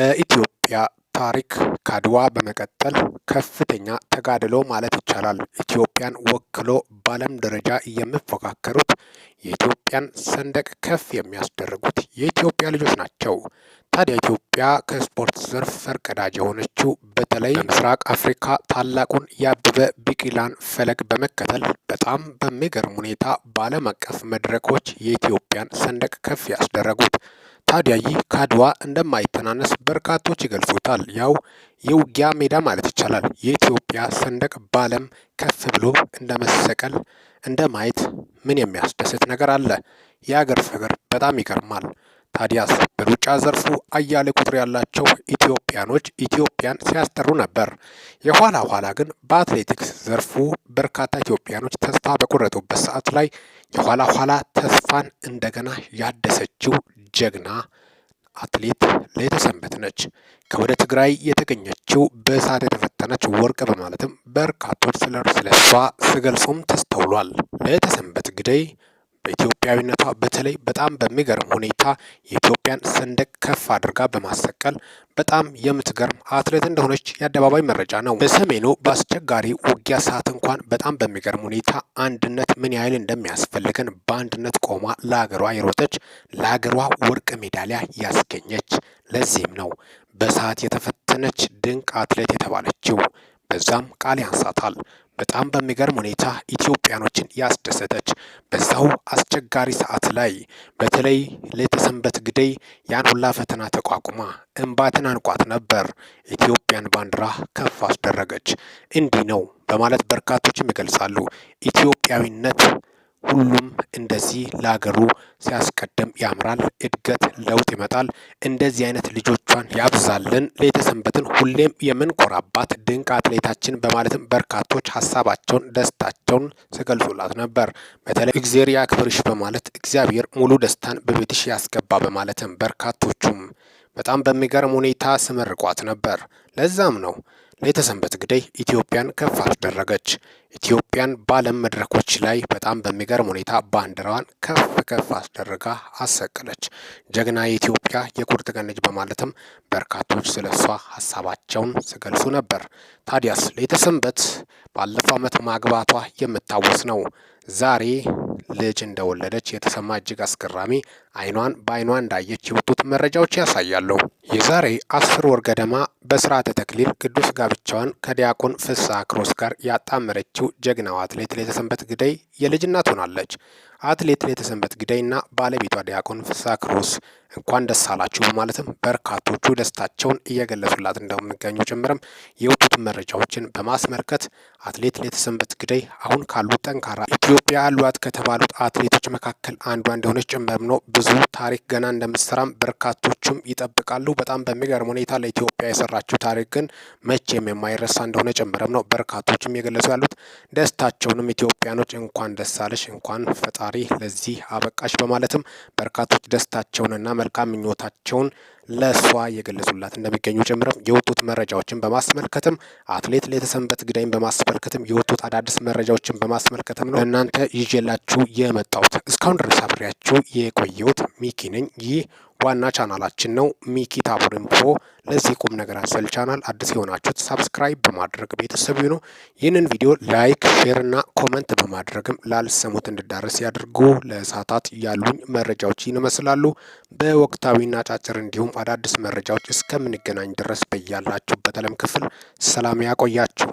በኢትዮጵያ ታሪክ ካድዋ በመቀጠል ከፍተኛ ተጋድሎ ማለት ይቻላል ኢትዮጵያን ወክሎ በዓለም ደረጃ የሚፎካከሩት የኢትዮጵያን ሰንደቅ ከፍ የሚያስደርጉት የኢትዮጵያ ልጆች ናቸው። ታዲያ ኢትዮጵያ ከስፖርት ዘርፍ ፈርቀዳጅ የሆነችው በተለይ በምስራቅ አፍሪካ ታላቁን የአበበ ቢቂላን ፈለግ በመከተል በጣም በሚገርም ሁኔታ በዓለም አቀፍ መድረኮች የኢትዮጵያን ሰንደቅ ከፍ ያስደረጉት ታዲያ ይህ ከአድዋ እንደማይተናነስ በርካቶች ይገልጹታል። ያው የውጊያ ሜዳ ማለት ይቻላል። የኢትዮጵያ ሰንደቅ በዓለም ከፍ ብሎ እንደ መሰቀል እንደ ማየት ምን የሚያስደስት ነገር አለ? የአገር ፍቅር በጣም ይገርማል። ታዲያስ በሩጫ ዘርፉ አያሌ ቁጥር ያላቸው ኢትዮጵያኖች ኢትዮጵያን ሲያስጠሩ ነበር። የኋላ ኋላ ግን በአትሌቲክስ ዘርፉ በርካታ ኢትዮጵያኖች ተስፋ በቆረጡበት ሰዓት ላይ የኋላ ኋላ ተስፋን እንደገና ያደሰችው ጀግና አትሌት ለተሰንበት ነች። ከወደ ትግራይ የተገኘችው በእሳት የተፈተነች ወርቅ በማለትም በርካቶች ስለ እርስ ለሷ ሲገልጹም ተስተውሏል። ለተሰንበት ግደይ በኢትዮጵያዊነቷ በተለይ በጣም በሚገርም ሁኔታ የኢትዮጵያን ሰንደቅ ከፍ አድርጋ በማሰቀል በጣም የምትገርም አትሌት እንደሆነች የአደባባይ መረጃ ነው። በሰሜኑ በአስቸጋሪ ውጊያ ሰዓት እንኳን በጣም በሚገርም ሁኔታ አንድነት ምን ያህል እንደሚያስፈልገን በአንድነት ቆማ ለሀገሯ የሮጠች ለሀገሯ ወርቅ ሜዳሊያ ያስገኘች ለዚህም ነው በሰዓት የተፈተነች ድንቅ አትሌት የተባለችው። በዛም ቃል ያንሳታል። በጣም በሚገርም ሁኔታ ኢትዮጵያኖችን ያስደሰተች በዛው አስቸጋሪ ሰዓት ላይ በተለይ ለተሰንበት ግደይ ያን ሁላ ፈተና ተቋቁማ እንባትን አንቋት ነበር። ኢትዮጵያን ባንዲራ ከፍ አስደረገች። እንዲህ ነው በማለት በርካቶችም ይገልጻሉ ኢትዮጵያዊነት ሁሉም እንደዚህ ለሀገሩ ሲያስቀድም ያምራል። እድገት ለውጥ ይመጣል። እንደዚህ አይነት ልጆቿን ያብዛልን። ለየተሰንበትን ሁሌም የምንኮራባት ድንቅ አትሌታችን በማለትም በርካቶች ሀሳባቸውን፣ ደስታቸውን ሲገልጹላት ነበር። በተለይ እግዜር ያክብርሽ በማለት እግዚአብሔር ሙሉ ደስታን በቤትሽ ያስገባ በማለትም በርካቶቹም በጣም በሚገርም ሁኔታ ስመርቋት ነበር። ለዛም ነው ሌተሰንበት ግደይ ኢትዮጵያን ከፍ አስደረገች። ኢትዮጵያን በዓለም መድረኮች ላይ በጣም በሚገርም ሁኔታ ባንዲራዋን ከፍ ከፍ አስደርጋ አሰቀለች። ጀግና የኢትዮጵያ የኩርት ቀን ልጅ በማለትም በርካቶች ስለ እሷ ሀሳባቸውን ሲገልጹ ነበር። ታዲያስ ሌተሰንበት ባለፈው ዓመት ማግባቷ የምታወስ ነው። ዛሬ ልጅ እንደወለደች የተሰማ እጅግ አስገራሚ አይኗን በአይኗ እንዳየች የወጡት መረጃዎች ያሳያሉ። የዛሬ አስር ወር ገደማ በስርዓተ ተክሊል ቅዱስ ጋብቻዋን ከዲያቆን ፍስሐ ክሮስ ጋር ያጣመረችው ጀግናዋ አትሌት ለተሰንበት ግደይ የልጅ እናት ሆናለች። አትሌት ለተሰንበት ግዳይና ባለቤቷ ዲያቆን ፍስሐ እንኳን ደስ አላችሁ በማለትም በርካቶቹ ደስታቸውን እየገለጹላት እንደሚገኙ ጭምርም የወጡት መረጃዎችን በማስመልከት አትሌት ለተሰንበት ግዳይ አሁን ካሉት ጠንካራ ኢትዮጵያ አሏት ከተባሉት አትሌቶች መካከል አንዷ እንደሆነች ጭምርም ነው። ብዙ ታሪክ ገና እንደምትሰራም በርካቶቹም ይጠብቃሉ። በጣም በሚገርም ሁኔታ ለኢትዮጵያ የሰራችው ታሪክ ግን መቼም የማይረሳ እንደሆነ ጭምርም ነው በርካቶችም እየገለጹ ያሉት ደስታቸውንም ኢትዮጵያኖች እንኳን ደስ አለሽ እንኳን ፈጣ ፈጣሪ ለዚህ አበቃሽ በማለትም በርካቶች ደስታቸውንና መልካም ምኞታቸውን ለእሷ እየገለጹላት እንደሚገኙ ጭምርም የወጡት መረጃዎችን በማስመልከትም አትሌት ለተሰንበት ግዳይን በማስመልከትም የወጡት አዳዲስ መረጃዎችን በማስመልከትም ነው እናንተ ይዤላችሁ የመጣሁት። እስካሁን ድረስ አብሬያችሁ የቆየሁት ሚኪ ነኝ። ይህ ዋና ቻናላችን ነው፣ ሚኪ ታቦር ኢንፎ። ለዚህ ቁም ነገር አዘል ቻናል አዲስ የሆናችሁት ሳብስክራይብ በማድረግ ቤተሰብ ነው። ይህንን ቪዲዮ ላይክ፣ ሼር እና ኮመንት በማድረግም ላልሰሙት እንድዳረስ ያድርጉ። ለሰዓታት ያሉኝ መረጃዎች ይመስላሉ በወቅታዊና ጫጭር እንዲሁም በአዳዲስ መረጃዎች እስከምንገናኝ ድረስ በያላችሁበት ዓለም ክፍል ሰላም ያቆያችሁ።